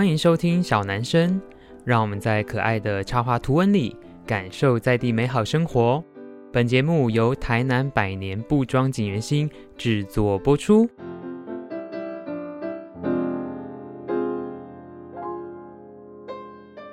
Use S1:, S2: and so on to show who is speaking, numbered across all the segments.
S1: 歡迎收聽小南生，讓我們在可愛的插畫圖文裡感受在地美好生活。本節目由台南百年布莊錦源興製作播出。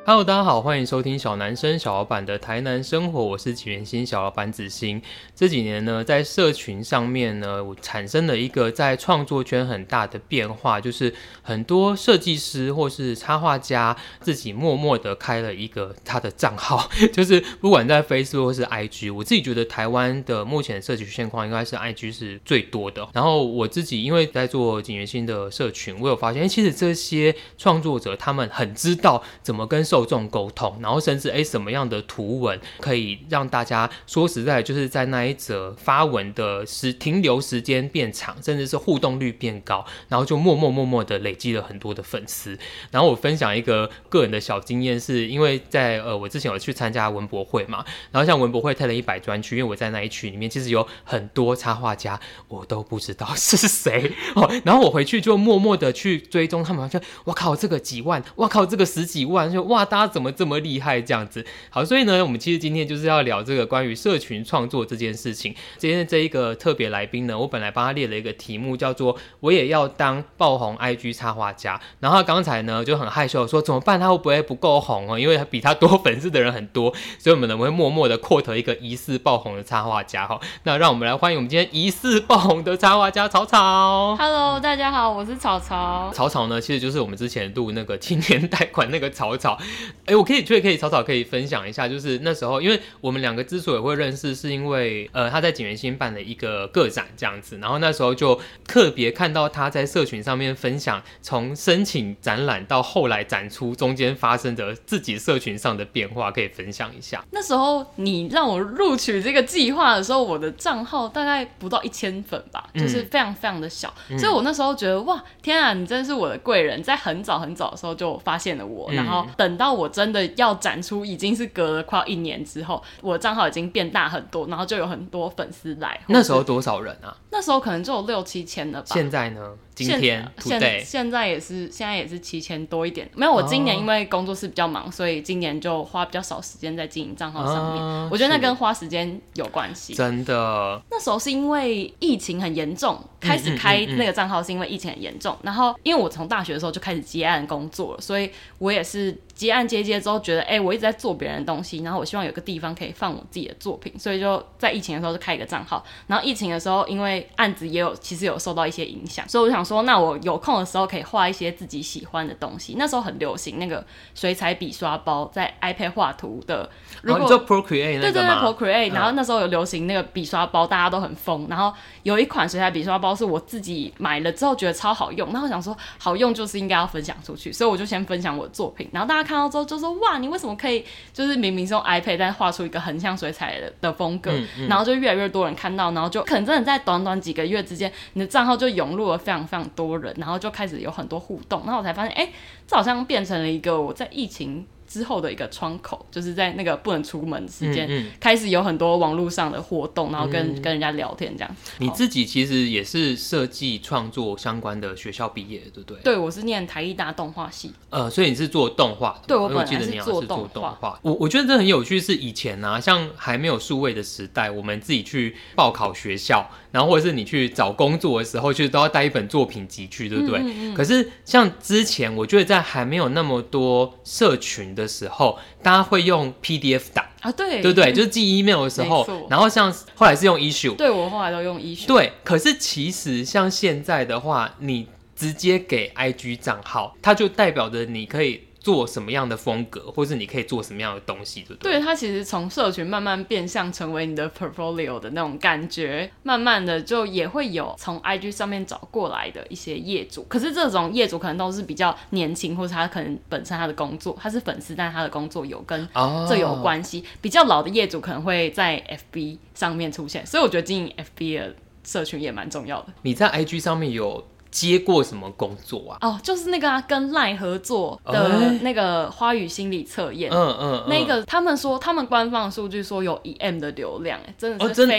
S1: Hello，大家好，歡迎收聽小南生小老闆的台南生活，我是錦源興小老闆子興。這幾年呢，在社群上面呢，我產生了一個在創作圈很大的變化，就是很多設計師或是插畫家自己默默的開了一個他的賬號，就是不管在 Facebook 或是 IG，我自己覺得台灣的目前的社群現況應該是 IG 是最多的。然後我自己因為在做錦源興的社群，我有發現，其實這些創作者他們很知道怎麼跟。受眾溝通，然後甚至哎，什麼樣的圖文可以讓大家說實在，就是在那一則發文的時停留時間變長，甚至是互動率變高，然後就默默默默的累積了很多的粉絲。然後我分享一個個人的小經驗是，是因為在呃，我之前有去參加文博會嘛，然後像文博會推了一百專區，因為我在那一區裡面其實有很多插畫家，我都不知道是誰。哦，然後我回去就默默的去追蹤他們，就哇靠這個幾萬，哇靠這個十幾萬，就哇。大家怎麼這麼厲害？這樣子好，所以呢，我們其實今天就是要聊這個關於社群創作這件事情。今天這一個特別來賓呢，我本來幫他列了一個題目，叫做“我也要當爆紅 IG 插畫家”。然後他剛才呢，就很害羞說怎麼辦？他會不會不夠紅啊？因為他比他多粉絲的人很多，所以我們呢我們會默默的擴投一個疑似爆紅的插畫家。哈，那讓我們來歡迎我們今天疑似爆紅的插畫家曹曹。
S2: Hello，大家好，我是曹曹。
S1: 曹曹呢，其實就是我們之前錄那個青年貸款那個曹曹。哎、欸，我可以確可以，可以草草可以分享一下，就是那時候，因為我們兩個之所以會認識，是因為呃他在錦源興辦的一個個展這樣子，然後那時候就特別看到他在社群上面分享，從申請展覽到後來展出中間發生的自己社群上的變化，可以分享一下。
S2: 那時候你讓我錄取這個計劃的時候，我的賬號大概不到一千粉吧，就是非常非常的小，嗯、所以我那時候覺得哇，天啊，你真的是我的貴人，在很早很早的時候就發現了我，嗯、然後等到。到、啊、我真的要展出，已經是隔了快一年之後，我的賬號已經變大很多，然後就有很多粉絲來。那時候
S1: 多少人啊？
S2: 那時候可能就有六七千了吧。現
S1: 在呢？今天現現在，現
S2: 在也是現在也是七千多一點。沒有，我今年因為工作室比較忙，哦、所以今年就花比較少時間在經營賬號上面、哦。我覺得那跟花時間有關係。真
S1: 的？
S2: 那時候是因為疫情很嚴重，開始開那個賬號是因為疫情很嚴重嗯嗯嗯嗯。然後因為我從大學的時候就開始接案工作了，所以我也是。接案接接之後覺得，哎、欸，我一直在做別人的東西，然後我希望有個地方可以放我自己的作品，所以就在疫情的時候就開一個賬號然後疫情的時候，因為案子也有其實有受到一些影響，所以我想說，那我有空的時候可以畫一些自己喜歡的東西。那時候很流行那個水彩筆刷包，在 iPad 畫圖的。如果、哦、你做
S1: Procreate 那個嗎？對對對，那
S2: ，Procreate。然後那時候有流行那個筆刷包、嗯，大家都很瘋。然後。有一款水彩筆刷包是我自己買了之後覺得超好用，那我想說好用就是應該要分享出去，所以我就先分享我的作品，然後大家看到之後就說哇，你為什麼可以就是明明是用 iPad 在畫出一個很像水彩的風格？嗯嗯，然後就越來越多人看到，然後就可能真的在短短幾個月之間，你的賬號就湧入了非常非常多人，然後就開始有很多互動，那我才發現哎、欸，這好像變成了一個我在疫情。之後的一個窗口，就是在那個不能出門的時間、嗯嗯，開始有很多網絡上的活動，然後跟、嗯、跟人家聊天這樣。你自
S1: 己其實也是設計創作相關的學校畢業的，對不對？
S2: 對，我是念台藝大動畫系。
S1: 呃，所以你是做動畫？對我，我記得你是做動畫、嗯。我我覺得這很有趣，是以前啊，像還沒有數位的時代，我們自己去報考學校，然後或者是你去找工作的時候，其實都要帶一本作品集去，對不對、嗯嗯？可是像之前，我覺得在還沒有那麼多社群的時候，大家會用 PDF 打
S2: 啊，對對，不對？就是
S1: 寄 email 的時候，然後像後來是用 issue，
S2: 對，我後來都用 issue，對，
S1: 可是其實像現在的話，你直接給 IG 賬號，它就代表着你可以，做什麼樣的風格，或是你可以做什麼樣的東西？對，對，
S2: 它其實從社群慢慢變相成為你的 portfolio 的那種感覺，慢慢的就也會有從 IG 上面找過來的一些業主。可是這種業主可能都是比較年輕，或者他可能本身他的工作他是粉絲，但是他的工作有跟這有關係。Oh. 比較老的業主可能會在 FB 上面出現，所以我覺得經營 FB 的社群也蠻重要的。
S1: 你在 IG 上面有？接過什麼工作啊？哦、
S2: oh，就是那個、啊、跟 LINE 合作的那個花語心理測驗。嗯、哦、嗯，那個他們說，他們官方數據說有一 M 的流量，哎，真的是 m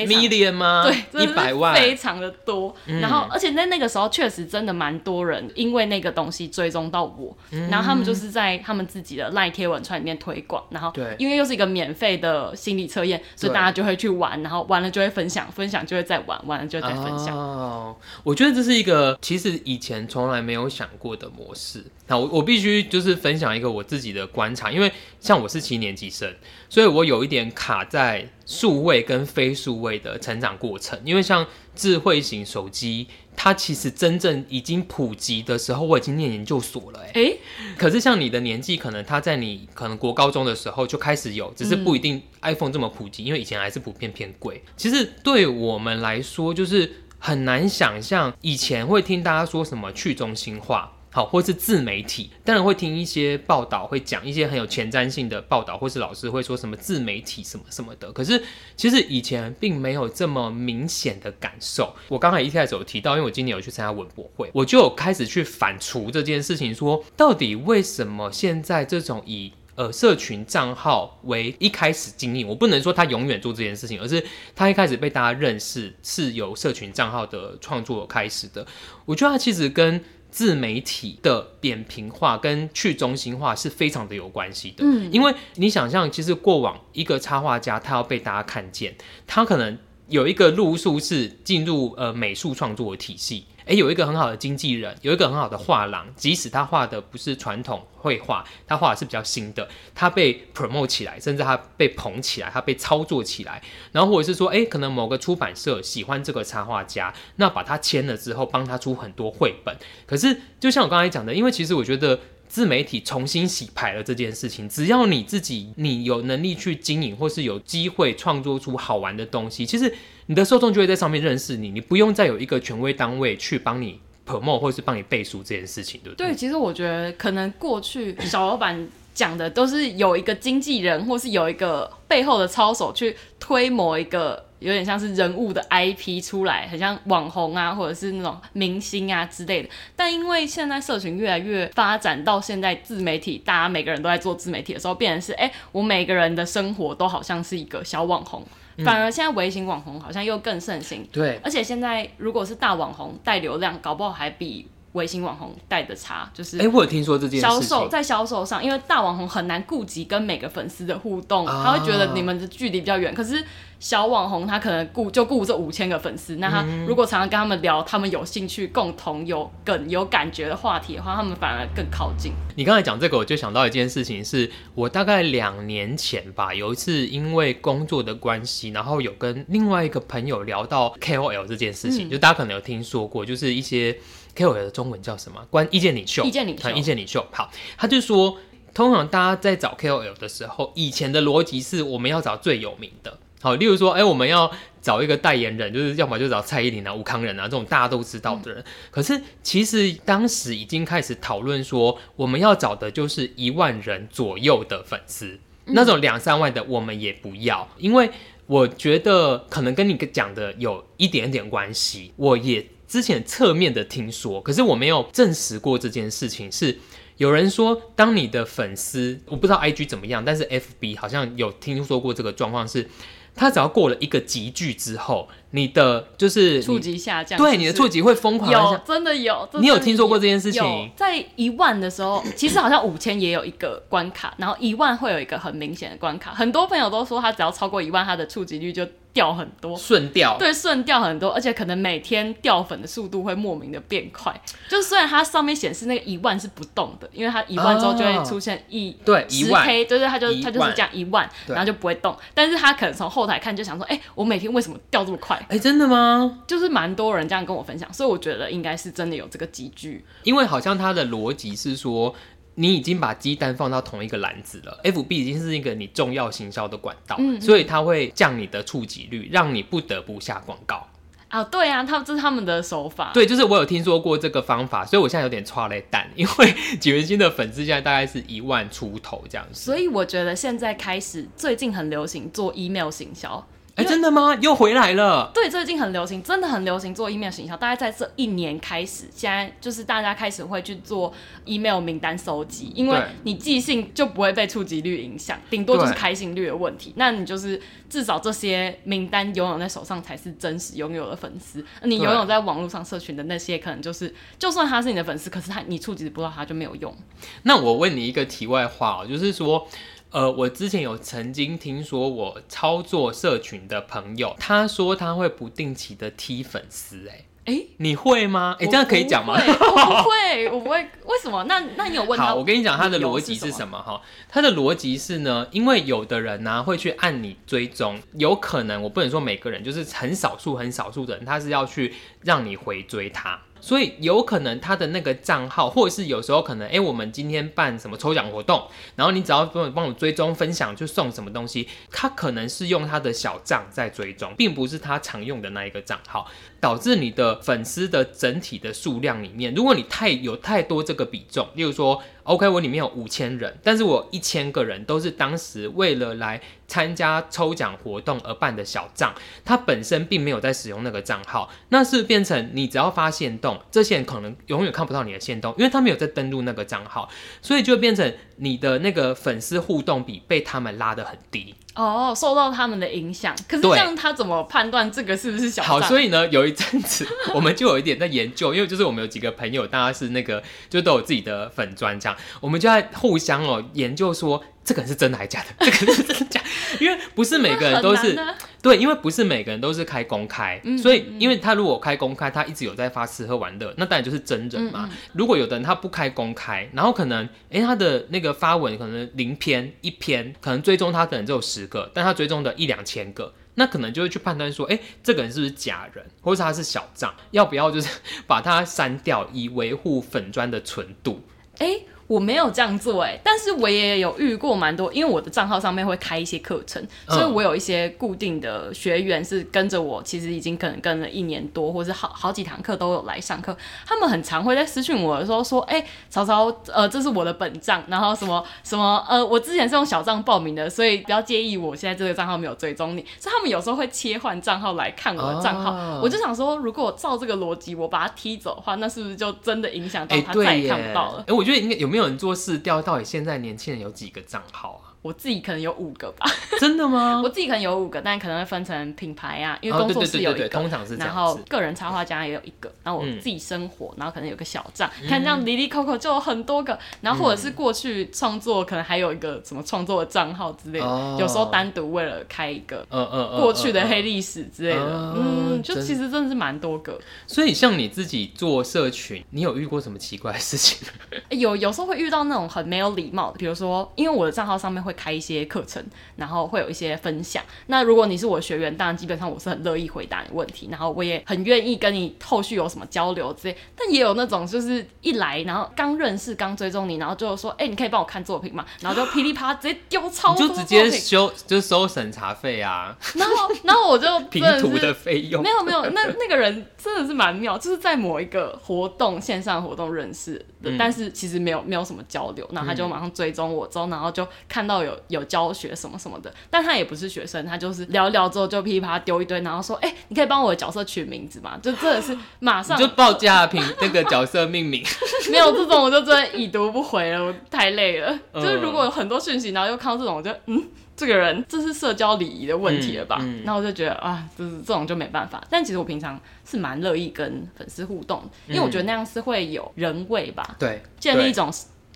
S2: 嗎、哦？對，
S1: 一百萬，非
S2: 常的多。然後，而且在那個時候，確實真的蠻多人因為那個東西追蹤到我、嗯，然後他們就是在他們自己的 LINE 貼文串裡面推廣。然後，對，因為又是一個免費的心理測驗，所以大家就會去玩，然後玩了就會分享，分享就會再玩，玩了就會再分享。
S1: 哦、oh，我覺得這是一個其實。是以前從來沒有想過的模式。那我我必須就是分享一個我自己的觀察，因為像我是七年級生，所以我有一點卡在數位跟非數位的成長過程。因為像智慧型手機，它其實真正已經普及的時候，我已經念研究所了、
S2: 欸。哎、欸，
S1: 可是像你的年紀，可能它在你可能國高中的時候就開始有，只是不一定 iPhone 這麼普及，因為以前還是普遍偏貴。其實對我們來說，就是。很難想象以前會聽大家說什麼去中心化，好，或是自媒體。當然會聽一些報道，會講一些很有前瞻性的報道，或是老師會說什麼自媒體什麼什麼的。可是其實以前並沒有這麼明顯的感受。我剛才一開始有提到，因為我今年有去參加文博會，我就有開始去反芻這件事情說，說到底為什麼現在這種以呃，社群賬號為一開始經營，我不能說他永遠做這件事情，而是他一開始被大家認識，是由社群賬號的創作開始的。我覺得他其實跟自媒體的扁平化跟去中心化是非常的有關係的，嗯。因為你想象，其實過往一個插畫家，他要被大家看見，他可能有一個路數是進入，呃，美術創作的體系。哎，有一個很好的經紀人，有一個很好的畫廊，即使他畫的不是傳統繪畫，他畫的是比較新的，他被 promote 起來，甚至他被捧起來，他被操作起來。然後或者是說，哎，可能某個出版社喜歡這個插畫家，那把他簽了之後，幫他出很多繪本。可是，就像我剛才講的，因為其實我覺得。自媒體重新洗牌了這件事情，只要你自己你有能力去經營，或是有機會創作出好玩的東西，其實你的受眾就會在上面認識你，你不用再有一個權威單位去幫你 promote 或是幫你背書這件事情，對不對？
S2: 對，其實我覺得可能過去小老闆講的都是有一個經紀人，或是有一個背後的操手去推某一個。有點像是人物的 IP 出來，很像網紅啊，或者是那種明星啊之類的。但因為現在社群越來越發展到現在自媒體，大家每個人都在做自媒體的時候，變成是哎、欸，我每個人的生活都好像是一個小網紅、嗯。反而現在微型網紅好像又更盛行。對，而且現在如果是大網紅帶流量，搞不好還比。微信網紅帶的茶就是，哎，我有聽說這件事情銷售在銷售上，因為大網紅很難顧及跟每個粉絲的互動，他會覺得你們的距離比較遠。可是小網紅他可能顧就顧著五千個粉絲，那他如果常常跟他們聊，他們有興趣、共同有梗、有感覺的話題的話，他們反而更靠近。
S1: 你剛才講這個，我就想到一件事情是，是我大概兩年前吧，有一次因為工作的關係，然後有跟另外一個朋友聊到 KOL 這件事情，就大家可能有聽說過，就是一些。KOL 的中文叫什麼？關意見領袖，意見領袖，意見領袖。好，他就說，通常大家在找 KOL 的時候，以前的邏輯是我們要找最有名的。好，例如說，哎、欸，我們要找一個代言人，就是要麼就找蔡依林啊、吳慷仁啊這種大家都知道的人、嗯。可是其實當時已經開始討論說，我們要找的就是一萬人左右的粉絲、嗯，那種兩三萬的我們也不要，因為我覺得可能跟你講的有一點一點關係，我也。之前側面的聽說，可是我沒有證實過這件事情。是有人說，當你的粉絲，我不知道 I G 怎麼樣，但是 F B 好像有聽說過這個狀況，是他只要過了一個級距之後，你的就是觸及
S2: 下降，對，你的
S1: 觸及會瘋狂的，有真的有，
S2: 真的有，你有聽說過這件事情？在一萬的時候，其實好像五千也有一個關卡，然後一萬會有一個很明顯的關卡。很多朋友都說，他只要超過一萬，他的觸及率就掉很多，順掉，對，順掉很多，而且可能每天掉粉的速度會莫名的變快。就是雖然它上面顯示那個一萬是不動的，因為它一萬之後就會出現一、oh，對，一萬，對、就、對、是，他就它就是這樣一萬，然後就不會動，但是他可能從後台看就想說，哎、欸，我每天為什麼掉這麼快？哎、欸，真的嗎？就是蠻多人這樣跟我分享，所以我覺得應該是真的有這個積聚。
S1: 因為好像他的邏輯是說，你已經把雞蛋放到同一個籃子了，FB 已經是一個你重要行銷的管道。嗯嗯，所以他會降你的觸及率，讓你不得不下廣告。
S2: 啊、哦，對啊，他們這是他們的手法。對，
S1: 就是我有聽說過這個方法，所以我現在有點剉咧等，因為錦源興的粉絲現在大概是一萬出頭這樣子。
S2: 所以我覺得現在開始，最近很流行做 email 行銷。哎，真的嗎？又回來了？對，最近很流行，真的很流行做 email 行銷。大概在這一年開始，現在就是大家開始會去做 email 名單收集，因為你寄信就不會被觸及率影響，頂多就是開信率的問題。那你就是至少這些名單擁有在手上才是真實擁有的粉絲。你擁有在網絡上社群的那些，可能就是就算他是你的粉絲，可是他你觸及不到，他就沒有用。
S1: 那我問你一個題外話哦，就是說。呃，我之前有曾經聽說，我操作社群的朋友，他說他會不定期的踢粉絲、欸，誒，誒，你會嗎？誒、欸，這樣可以講嗎？我不，我，不 我不
S2: 會，我不會，為什麼？那那你有問他？好，我跟你
S1: 講，他的邏輯是什麼？哈，他的邏輯是呢，因為有的人呢、啊、會去按你追蹤，有可能我不能說每個人，就是很少數很少數的人，他是要去讓你回追他。所以有可能他的那個賬號，或者是有時候可能，哎、欸，我們今天辦什麼抽獎活動，然後你只要幫我幫我追蹤分享就送什麼東西，他可能是用他的小賬在追蹤，並不是他常用的那一個賬號，導致你的粉絲的整體的數量裡面，如果你太，有太多這個比重，例如說。OK，我裡面有五千人，但是我一千個人都是當時為了來參加抽獎活動而辦的小賬，他本身並沒有在使用那個賬號那是變成你只要發限動，這些人可能永遠看不到你的限動，因為他沒有在登錄那個賬號所以就變成你的那個粉絲互動比被他們拉得很低。
S2: 哦，受到他們的影響，可是這樣他怎麼判斷這個是不是小孩？好，所以呢，
S1: 有一陣子我們就有一點在研究， 因為就是我們有幾個朋友，大家是那個就都有自己的粉專，這樣我們就在互相哦、喔、研究說。這個人是真的還是假的？這個人是真的假的， 因為不是每個人都是、 啊、對，因為不是每個人都是開公開，嗯嗯嗯，所以，因為他如果開公開，他一直有在發吃喝玩樂，那當然就是真人嘛，嗯嗯。如果有的人他不開公開，然後可能，哎、欸，他的那個發文可能零篇一篇，可能追蹤，他可能只有十個，但他追蹤的一兩千個，那可能就會去判斷說，哎、欸，這個人是不是假人，或是他是小賬，要不要就是把他刪掉，以維護粉專的純度？
S2: 哎、欸。我沒有這樣做哎、欸，但是我也有遇過蠻多，因為我的賬號上面會開一些課程、嗯，所以我有一些固定的學員是跟着我，其實已經可能跟了一年多，或是好好幾堂課都有來上課。他們很常會在私信我的時候說，哎、欸，曹曹，呃，這是我的本賬，然後什麼什麼，呃，我之前是用小賬報名的，所以不要介意我現在這個賬號沒有追蹤你。所以他們有時候會切換賬號來看我的賬號、哦，我就想說，如果照這個邏輯，我把他踢走的話，那是不是就真的影響到他、欸、再也看不到了？哎、
S1: 欸，我覺得應該有？沒有人做市調，到底現在年輕人有幾個賬號啊？
S2: 我自己可能有五個吧，真的嗎？ 我自己可能有五個，但可能會分成品牌啊，因為工作室有一個、啊對對對對，通常是這樣。然後個人插畫家也有一個，然後我自己生活，嗯、然後可能有個小賬、嗯，看這樣 Lily Coco 就有很多個，然後或者是過去創作，可能還有一個什麼創作的賬號之類的，嗯、有時候單獨為了開一個，嗯
S1: 嗯，過去的黑歷
S2: 史之類的嗯嗯嗯嗯，嗯，就其實真的是蠻多個。
S1: 所以像你自己做社群，你有遇過什麼奇怪的事情？
S2: 欸、有，有時候會遇到那種很沒有禮貌的，比如說，因為我的賬號上面會。開一些課程，然後會有一些分享。那如果你是我的學員，當然基本上我是很樂意回答你問題，然後我也很願意跟你後續有什麼交流之類。但也有那種就是一來，然後剛認識、剛追蹤你，然後就說：“哎、欸，你可以幫我看作品嗎？”然後就噼里啪啦直接丟超多，就直接
S1: 收就收審查費啊。然
S2: 後然後我就評圖的，的費用沒有沒有，那那個人真的是蠻妙，就是在某一個活動線上活動認識的、嗯，但是其實沒有沒有什麼交流，然後他就馬上追蹤我之後，然後就看到。有有教學什麼什麼的，但他也不是學生，他就是聊聊之後就噼裡啪啦丟一堆，然後說：“哎、欸，你可以幫我的角色取名字嗎？”就真的是馬上就
S1: 報價憑那個角色命名 。
S2: 沒有這種，我就真的已讀不回了，我太累了。嗯、就是如果有很多訊息，然後又看到這種，我就嗯，這個人這是社交禮儀的問題了吧？嗯嗯、然後我就覺得啊，這是這種就沒辦法。但其實我平常是蠻樂意跟粉絲互動，因為我覺得那樣是會有人味吧，嗯、對，建立一種。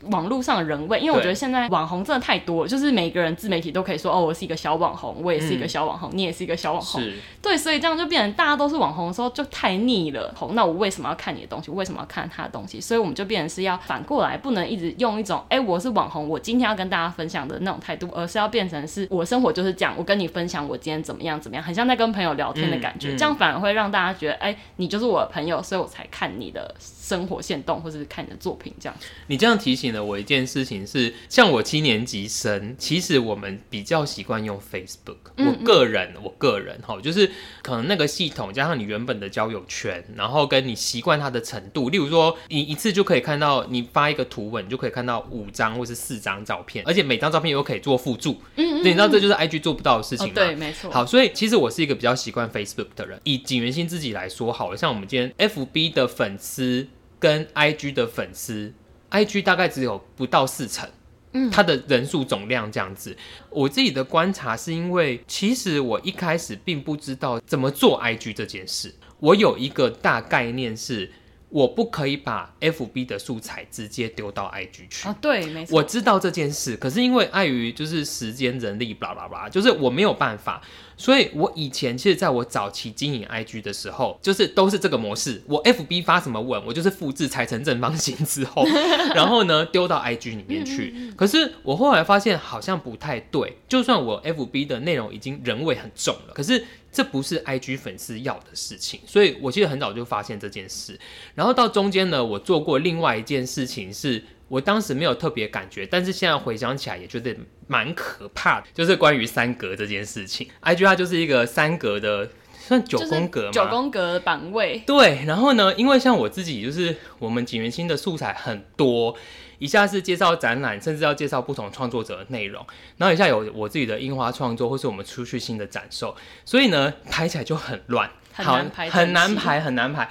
S2: 網絡上的人味，因為我覺得現在網紅真的太多了，就是每個人自媒體都可以說哦，我是一個小網紅，我也是一個小網紅，嗯、你也是一個小網紅，對，所以這樣就變成大家都是網紅的時候就太膩了。哦，那我為什麼要看你的東西？我為什麼要看他的東西？所以我們就變成是要反過來，不能一直用一種哎、欸、我是網紅，我今天要跟大家分享的那種態度，而是要變成是我生活就是這樣，我跟你分享我今天怎麼樣怎麼樣，很像在跟朋友聊天的感覺。嗯嗯、這樣反而會讓大家覺得哎、欸、你就是我的朋友，所以我才看你的生活限動，或者是看你的作品這樣。
S1: 你這樣提醒，我一件事情是，像我七年級生，其實我們比較習慣用 Facebook 嗯嗯，我個人，我個人，齁，就是可能那個系統加上你原本的交友圈，然後跟你習慣它的程度，例如說，你一次就可以看到你發一個圖文，你就可以看到五張或是四張照片，而且每張照片又可以做輔助。嗯，嗯，嗯，你知道這就是 IG 做不到的事情嗎？哦，對，沒錯。好，所以其實我是一個比較習慣 Facebook 的人。以錦源興自己來說，好了，像我們今天 FB 的粉絲跟 IG 的粉絲。IG 大概只有不到四成，嗯，它的人數總量這樣子。我自己的觀察是因為，其實我一開始並不知道怎麼做 IG 這件事，我有一個大概念是。我不可以把 F B 的素材直接丟到 I G 去
S2: 啊？對沒錯，我
S1: 知道這件事，可是因為礙於就是時間人力，巴拉巴拉，就是我沒有辦法。所以我以前其實在我早期經營 I G 的時候，就是都是這個模式，我 F B 發什麼文，我就是複製裁成正方形之後， 然後呢丟到 I G 裡面去。可是我後來發現好像不太對，就算我 F B 的內容已經人味很重了，可是。這不是 IG 粉絲要的事情，所以我其實很早就發現這件事。然後到中間呢，我做過另外一件事情是，是我當時沒有特別感覺，但是現在回想起來也覺得蠻可怕的，就是關於三格這件事情。IG 它就是一個三格的。算九宮格嗎？就是、九宮
S2: 格版位
S1: 對，然後呢，因為像我自己，就是我們錦源興的素材很多，一下是介紹展覽，甚至要介紹不同創作者的內容，然後一下有我自己的櫻花創作，或是我們出去新的展售，所以呢，排起來就很亂，
S2: 很難排，好，很難排，很
S1: 難排。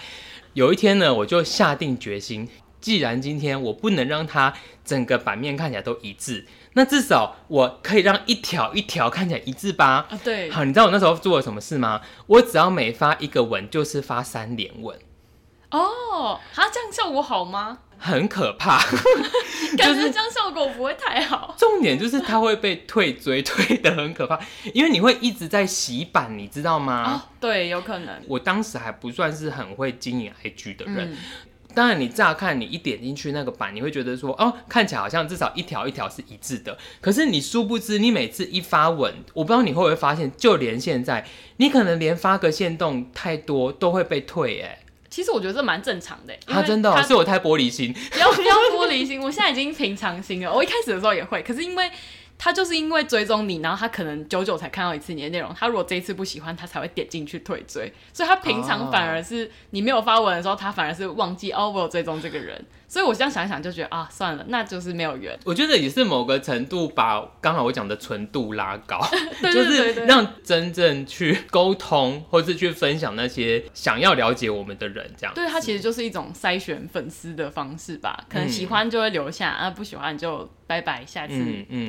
S1: 有一天呢，我就下定決心。既然今天我不能讓它整個版面看起來都一致，那至少我可以讓一條一條看起來一致吧。啊，對，好，你知道我那時候做了什麼事嗎？我只要每發一個文，就是發三連文。
S2: 哦，啊，這樣效果好嗎？
S1: 很可怕，
S2: 感覺這樣效果不會太好。
S1: 就是、重點就是它會被退追，退得很可怕，因為你會一直在洗版，你知道嗎？哦、
S2: 對，有可能。
S1: 我當時還不算是很會經營 IG 的人。嗯當然，你乍看你一點進去那個版，你會覺得說哦，看起來好像至少一條一條是一致的。可是你殊不知，你每次一發文，我不知道你會不會發現，就連現在，你可能連發個限動太多都會被退、欸。
S2: 哎，其實我覺得這蠻正常的。他、啊、真的、喔，是我
S1: 太玻璃心。
S2: 不要不要玻璃心， 我現在已經平常心了。我一開始的時候也會，可是因為。他就是因為追蹤你，然後他可能久久才看到一次你的內容。他如果這一次不喜歡，他才會點進去退追。所以，他平常反而是你沒有發文的時候，他反而是忘記 over、哦、我追蹤這個人。所以我這樣想想，就覺得啊，算了，那就是沒有緣。
S1: 我覺得也是某個程度把剛好我講的純度拉高， 就是讓真正去溝通或是去分享那些想要了解我們的人，這樣。對，他其
S2: 實就是一種篩選粉絲的方式吧？可能喜歡就會留下，嗯、啊，不喜歡就拜拜，下次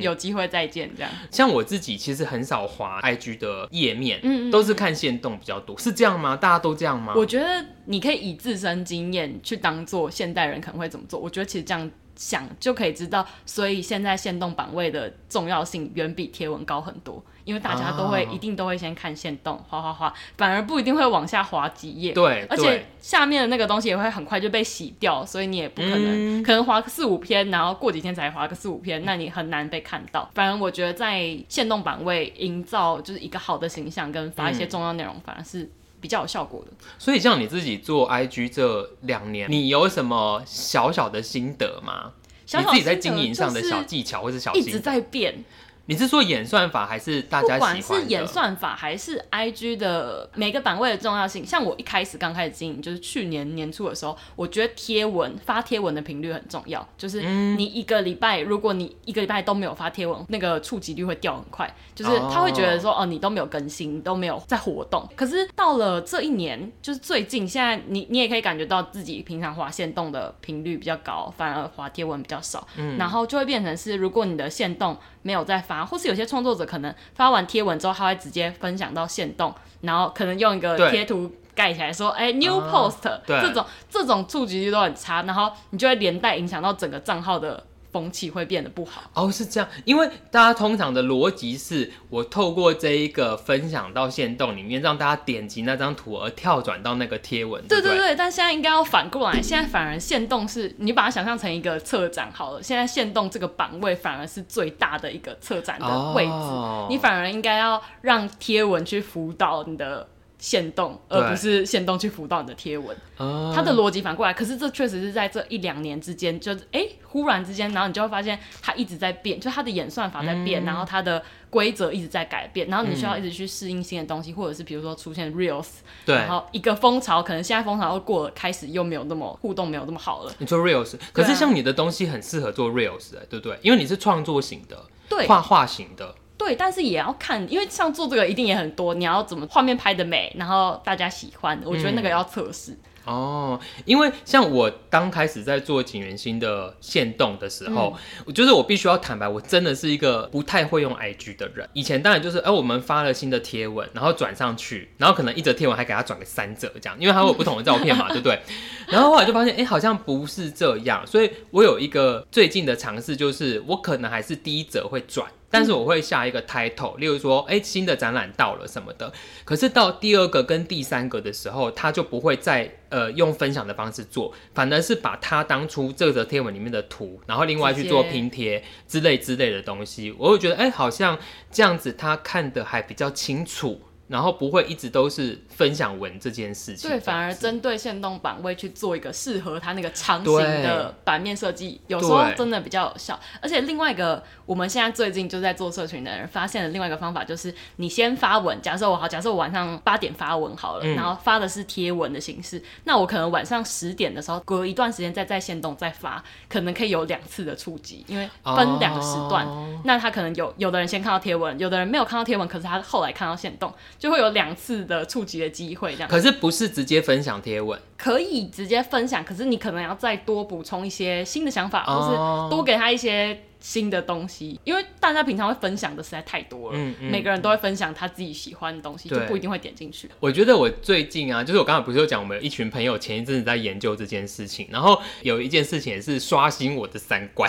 S2: 有機會。會再見，這樣。
S1: 像我自己其實很少滑 IG 的頁面，嗯、嗯、嗯，都是看限動比較多，是這樣嗎？大家都這樣嗎？我覺
S2: 得你可以以自身經驗去當做現代人可能會怎麼做。我覺得其實這樣。想就可以知道，所以現在限動版位的重要性遠比貼文高很多，因為大家都會一定都會先看限動，oh. 嘩嘩嘩，反而不一定會往下滑幾頁。對，而且下面的那個東西也會很快就被洗掉，所以你也不可能、嗯、可能滑個四五篇，然後過幾天才滑個四五篇，嗯、那你很難被看到。反而我覺得在限動版位營造就是一個好的形象，跟發一些重要內容，反而是。比較有效果的，
S1: 所以像你自己做 IG 這兩年，你有什麼小小的心得嗎？小
S2: 小心得你自己在經營上的小技
S1: 巧或是小心、就是、一
S2: 直在變。
S1: 你是說演算法還是大家喜歡？不管是演算
S2: 法還是 I G 的每個版位的重要性，像我一開始剛開始經營，就是去年年初的時候，我覺得貼文發貼文的頻率很重要，就是你一個禮拜，如果你一個禮拜都沒有發貼文，那個觸及率會掉很快，就是他會覺得說哦，你都沒有更新，都沒有在活動。可是到了這一年，就是最近現在，你你也可以感覺到自己平常滑限動的頻率比較高，反而滑貼文比較少，嗯，然後就會變成是，如果你的限動沒有在發。或是有些創作者可能發完貼文之後，他會直接分享到限動，然後可能用一個貼圖蓋起來說“哎，欸，new post”，oh，這種，對，這種觸及率都很差，然後你就會連帶影響到整個賬號的。風氣會變得不好
S1: 哦，是這樣，因為大家通常的邏輯是我透過這一個分享到限動裡面，讓大家點擊那張圖而跳轉到那個貼文。對
S2: 對對，對對，但現在應該要反過來，現在反而限動是你把它想象成一個策展好了，現在限動這個版位反而是最大的一個策展的位置，哦、你反而應該要讓貼文去輔導你的。限動，而不是限動去輔導你的貼文。Uh, 它的邏輯反過來，可是這確實是在這一兩年之間，就是哎、欸，忽然之間，然後你就會發現它一直在變，就它的演算法在變，嗯、然後它的規則一直在改變，然後你需要一直去適應新的東西、嗯，或者是比如說出現 reels，對，然後一個風潮，可能現在風潮又過了，開始又沒有那麼互動，沒有那麼好了。
S1: 你做 reels，、啊、可是像你的東西很適合做 reels，、欸、對不對？因為你是創作型的，對，畫畫型的。
S2: 對，但是也要看，因為像做這個一定也很多，你要怎麼畫面拍得美，然後大家喜歡，嗯、我覺得那個要測試
S1: 哦。因為像我剛開始在做錦源興的限動的時候，我、嗯、就是我必須要坦白，我真的是一個不太會用 IG 的人。以前當然就是，哎，我們發了新的貼文，然後轉上去，然後可能一則貼文還給他轉個三則這樣，因為他會有不同的照片嘛，嗯、對不對？ 然後後來就發現，哎，好像不是這樣，所以我有一個最近的嘗試，就是我可能還是第一則會轉。但是我會下一個 title，例如說，誒、欸、新的展覽到了什麼的。可是到第二個跟第三個的時候，他就不會再呃用分享的方式做，反而是把他當初這則貼文裡面的圖，然後另外去做拼貼之類之類的東西。我會覺得，誒、欸，好像這樣子他看得還比較清楚。然後不會一直都是分享文這件
S2: 事情，對，反而針對限動版位去做一個適合它那個長型的版面設計，有時候真的比較有效。而且另外一個，我們現在最近就在做社群的人發現了另外一個方法，就是你先發文。假設我好，假設我晚上八點發文好了，嗯、然後發的是貼文的形式，那我可能晚上十點的時候隔一段時間再在限動再發，可能可以有兩次的觸及，因為分兩個時段，哦，那他可能有有的人先看到貼文，有的人沒有看到貼文，可是他後來看到限動。就會有兩次的觸及的機會，這樣子。可是
S1: 不是直接分享貼文，
S2: 可以直接分享，可是你可能要再多補充一些新的想法，oh. 或是多給他一些新的東西，因為大家平常會分享的實在太多了，嗯嗯、每個人都會分享他自己喜歡的東西，嗯、就不一定會點進去。
S1: 我覺得我最近啊，就是我剛才不是有講，我們有一群朋友前一陣子在研究這件事情，然後有一件事情也是刷新我的三觀，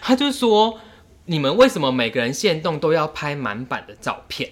S1: 他就說，你們為什麼每個人限動都要拍滿版的照片？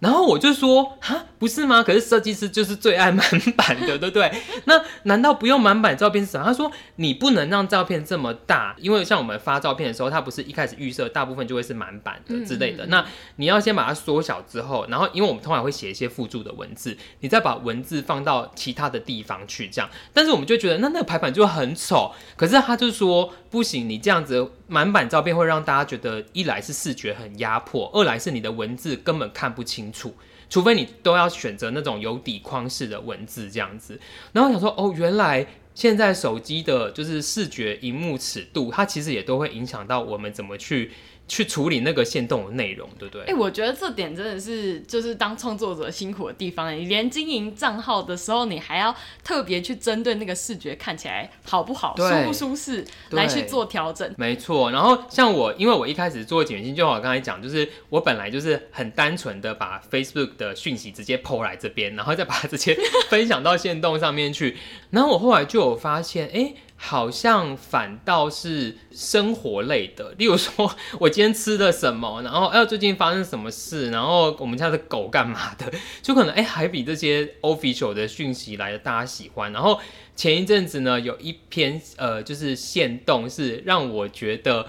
S1: 然後我就說啊，不是嗎？可是設計師就是最愛滿版的，對不對？那，難道不用滿版照片是什麼？他說，你不能讓照片這麼大，因為像我們發照片的時候，它不是一開始預設大部分就會是滿版的之類的嗯嗯。那你要先把它縮小之後，然後因為我們通常會寫一些附注的文字，你再把文字放到其他的地方去這樣。但是我們就覺得那那個排版就很醜。可是他就說不行，你這樣子滿版照片會讓大家覺得一來是視覺很壓迫，二來是你的文字根本看不清。除除非你都要選擇那種有底框式的文字這樣子，然後想說哦，原來現在手機的就是視覺熒幕尺度，它其實也都會影響到我們怎麼去。去處理那個限動的內容，對不對？哎、欸，我
S2: 覺得這點真的是就是當創作者辛苦的地方，欸。你連經營賬號的時候，你還要特別去針對那個視覺看起來好不好，舒不舒適來去做調整。
S1: 沒錯。然後像我，因為我一開始做簡訊，就好剛才講，就是我本來就是很單純的把 Facebook 的訊息直接 po 來這邊，然後再把這些分享到限動上面去。 然後我後來就有發現，哎、欸。好像反倒是生活類的，例如說我今天吃了什麼，然後哎、欸，最近發生什麼事，然後我們家的狗幹嘛的，就可能哎、欸，還比這些 official 的訊息來的大家喜歡。然後前一陣子呢，有一篇呃，就是限動，是讓我覺得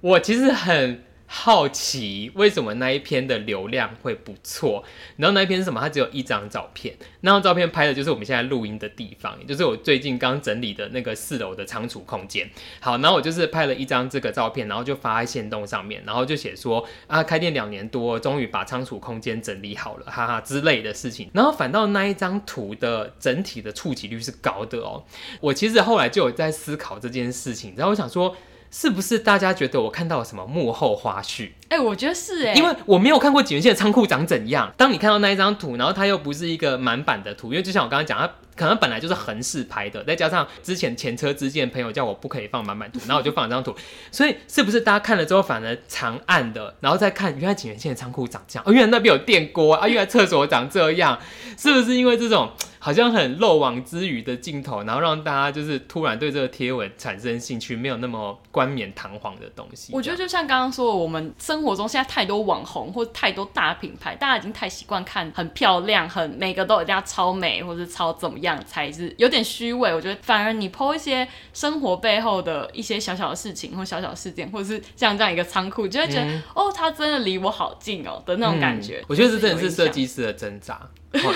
S1: 我其實很。好奇為什麼那一篇的流量會不錯？然後那一篇是什麼？它只有一張照片，那張照片拍的就是我們現在錄音的地方，也就是我最近剛整理的那個四樓的倉儲空間。好，然後我就是拍了一張這個照片，然後就發在限動上面，然後就寫說啊，開店兩年多，終於把倉儲空間整理好了，哈哈之類的事情。然後反倒那一張圖的整體的觸及率是高的哦。我其實後來就有在思考這件事情，然後我想說。是不是大家覺得我看到了什麼幕後花絮？
S2: 哎、欸，我覺得是哎、欸，因為
S1: 我沒有看過錦源興的倉庫長怎樣。當你看到那一張圖，然後它又不是一個滿版的圖，因為就像我剛剛講，它可能本來就是橫式拍的，再加上之前前車之鑑，朋友叫我不可以放滿版圖，然後我就放了張圖。 所以是不是大家看了之後反而長按的，然後再看，原來錦源興的倉庫長，長這樣，哦，原來那邊有電鍋啊，啊，原來廁所長這樣，是不是因為這種？好像很漏網之魚的鏡頭，然後讓大家就是突然對這個貼文產生興趣，沒有那麼冠冕堂皇的東西。我覺
S2: 得就像剛剛說的，我們生活中現在太多網紅或者太多大品牌，大家已經太習慣看很漂亮、很每個都有家超美或是超怎麼樣，才是有點虛偽。我覺得反而你 po 一些生活背後的一些小小的事情或小小事件，或者是這樣這樣一個倉庫，就會覺得、嗯、哦，它真的離我好近哦的那種感覺、嗯就是。我覺得這真的
S1: 是設計師的掙扎。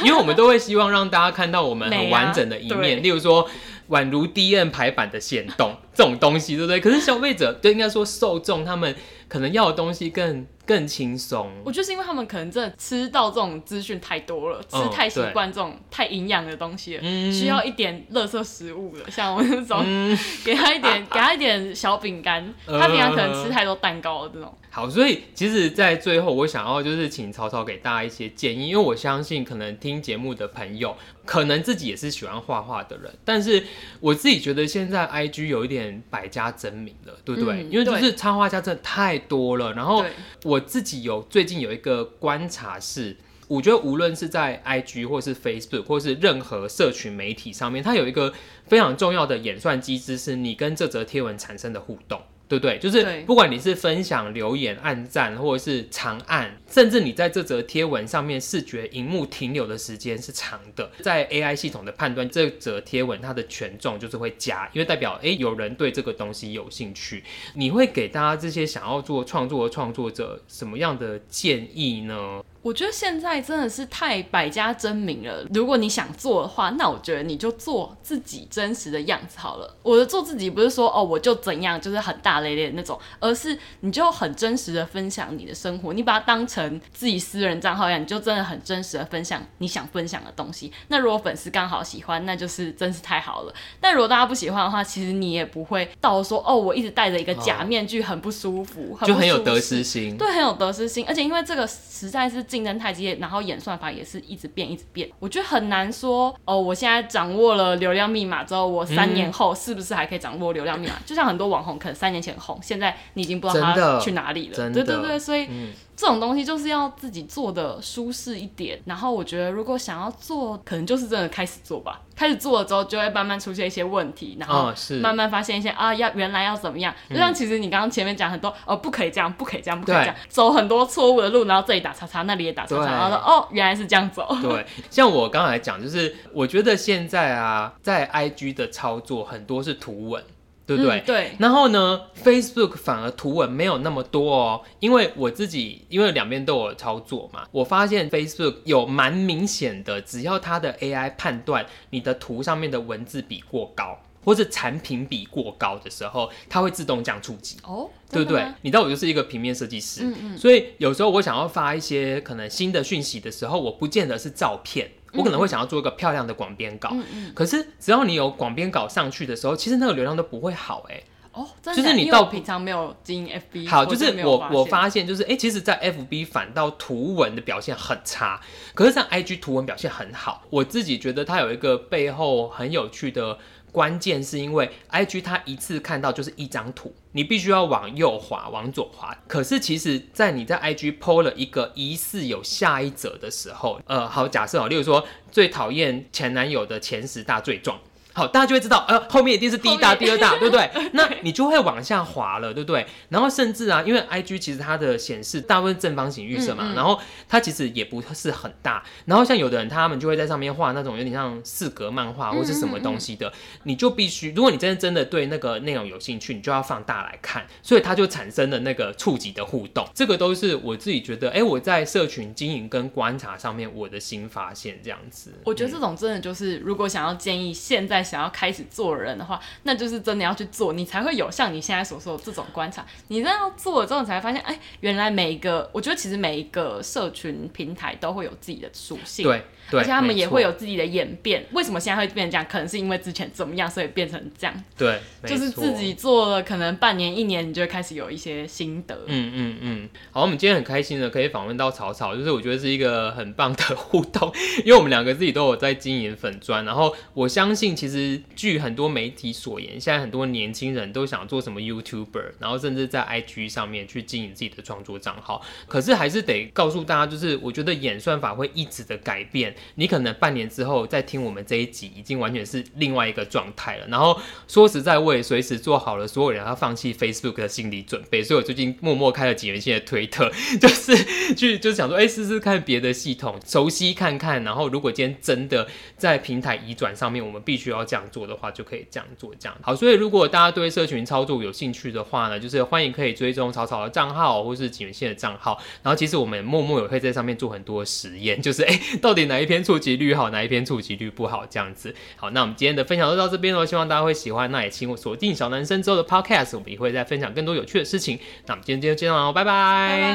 S1: 因為我們都會希望讓大家看到我們很完整的一面，啊、例如說宛如 DM 排版的限動這種東西，對不對？可是消費者，就應該說受眾他們。可能要的東西更更輕鬆。
S2: 我就是因為他們可能真的吃到這種資訊太多了，嗯、吃太習慣這種太營養的東西了，嗯，需要一點垃圾食物了，嗯，像我們這種，嗯，給他一點，啊、給他一點小餅乾，啊，他平常可能吃太多蛋糕了這種。
S1: 好，所以其實，在最後，我想要就是請曹曹給大家一些建議，因為我相信可能聽節目的朋友，可能自己也是喜歡畫畫的人，但是我自己覺得現在 IG 有一點百家爭鳴了，對不對？嗯、因為就是插畫家真的太。多了，然後我自己有最近有一個觀察是，我覺得無論是在 IG 或是 Facebook 或是任何社群媒體上面，它有一個非常重要的演算機制，是你跟這則貼文產生的互動。對不對？就是不管你是分享、留言、按讚，或者是長按，甚至你在這則貼文上面視覺熒幕停留的時間是長的，在 AI 系統的判斷，這則貼文它的權重就是會加，因為代表誒有人對這個東西有興趣。你會給大家這些想要做創作的創作者什麼樣的建議呢？
S2: 我覺得現在真的是太百家爭鳴了。如果你想做的話，那我覺得你就做自己真實的樣子好了。我的做自己不是說哦，我就怎樣，就是很大咧咧的那種，而是你就很真實的分享你的生活，你把它當成自己私人賬號一樣，你就真的很真實的分享你想分享的東西。那如果粉絲剛好喜歡，那就是真是太好了。但如果大家不喜歡的話，其實你也不會到說哦，我一直戴着一個假面具，哦，很不舒服，就很有得
S1: 失心。對，很
S2: 有得失心，而且因為這個實在是。競爭太激烈，然後演算法也是一直變，一直變。我覺得很難說哦，我現在掌握了流量密碼之後，我三年後是不是還可以掌握流量密碼？嗯。就像很多網紅，可能三年前紅，現在你已經不知道他去哪裡了。真的，對對對，所以。嗯這種東西就是要自己做的舒適一點，然後我覺得如果想要做，可能就是真的開始做吧。開始做了之後，就會慢慢出現一些問題，然後慢慢發現一些、哦、啊，要原來要怎麼樣。就像其實你剛剛前面講很多哦，不可以這樣，不可以這樣，不可以這樣，走很多錯誤的路，然後這裡打叉叉，那裡也打叉叉，然後說哦，原來是這樣走。對，
S1: 像我剛才講，就是我覺得現在啊，在 IG 的操作很多是圖文。對不對？嗯，對。然後呢，Facebook 反而圖文沒有那麼多哦，因為我自己因為兩邊都有操作嘛，我發現 Facebook 有蠻明顯的，只要它的 AI 判斷你的圖上面的文字比過高。或是產品比過高的時候，它會自動降觸及哦，oh, 對不對？你知道我就是一個平面設計師，嗯嗯，所以有時候我想要發一些可能新的訊息的時候，我不見得是照片，我可能會想要做一個漂亮的廣編稿，嗯嗯。可是只要你有廣編稿上去的時候，其實那個流量都不會好哎、欸、
S2: 哦、oh，就是你到平常沒有進 FB 好，就是我我，是發我發現
S1: 就是哎、欸，其實，在 FB 反倒圖文的表現很差，可是像 IG 圖文表現很好。我自己覺得它有一個背後很有趣的。關鍵是因為 IG 它一次看到就是一張圖，你必須要往右滑，往左滑。可是其實，在你在 IG PO 了一個疑似有下一則的時候，呃，好，假設哦，例如說最討厭前男友的前十大罪狀。好，大家就會知道，呃，後面一定是第一大、第二大，對不對？ okay. 那你就會往下滑了，對不對？然後甚至啊，因為 IG 其實它的顯示大部分正方形預設嘛，嗯嗯，然後它其實也不是很大。然後像有的人，他們就會在上面畫那種有點像四格漫畫或是什麼東西的。嗯嗯嗯，你就必須，如果你真的真的對那個內容有興趣，你就要放大來看。所以它就產生了那個觸及的互動，這個都是我自己覺得，哎、欸，我在社群經營跟觀察上面我的新發現這樣子。
S2: 我覺得這種真的就是，嗯、如果想要建議現在。想要開始做人的話，那就是真的要去做，你才會有像你現在所說的這種觀察。你這樣做了之後，才發現，哎、欸，原來每一個，我覺得其實每一個社群平台都會有自己的屬性。對。對，而且他們也會有自己的演變。為什麼現在會變成這樣？可能是因為之前怎麼樣，所以變成這樣。
S1: 對，就是自己
S2: 做了，可能半年一年，你就會開始有一些心得。
S1: 嗯嗯嗯。好，我們今天很開心的可以訪問到曹曹，就是我覺得是一個很棒的互動，因為我們兩個自己都有在經營粉專。然後我相信，其實據很多媒體所言，現在很多年輕人都想做什麼 YouTuber，然後甚至在 IG 上面去經營自己的創作賬號。可是還是得告訴大家，就是我覺得演算法會一直的改變。你可能半年之後再聽我們這一集，已經完全是另外一個狀態了。然後說實在，我也隨時做好了所有人要放棄 Facebook 的心理準備。所以，我最近默默開了錦源興的推特，就是去就是想說，哎、欸，試試看別的系統，熟悉看看。然後，如果今天真的在平台移轉上面，我們必須要這樣做的話，就可以這樣做這樣。好，所以如果大家對社群操作有興趣的話呢，就是歡迎可以追蹤曹曹的賬號，或是錦源興的賬號。然後，其實我們也默默也會在上面做很多實驗，就是哎、欸，到底哪一哪一篇觸及率好，哪一篇觸及率不好，這樣子。好，那我們今天的分享就到這邊了，希望大家會喜歡。那也請我鎖定小南生之後的 Podcast，我們也會再分享更多有趣的事情。那我們今天就講到這，拜拜。拜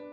S1: 拜。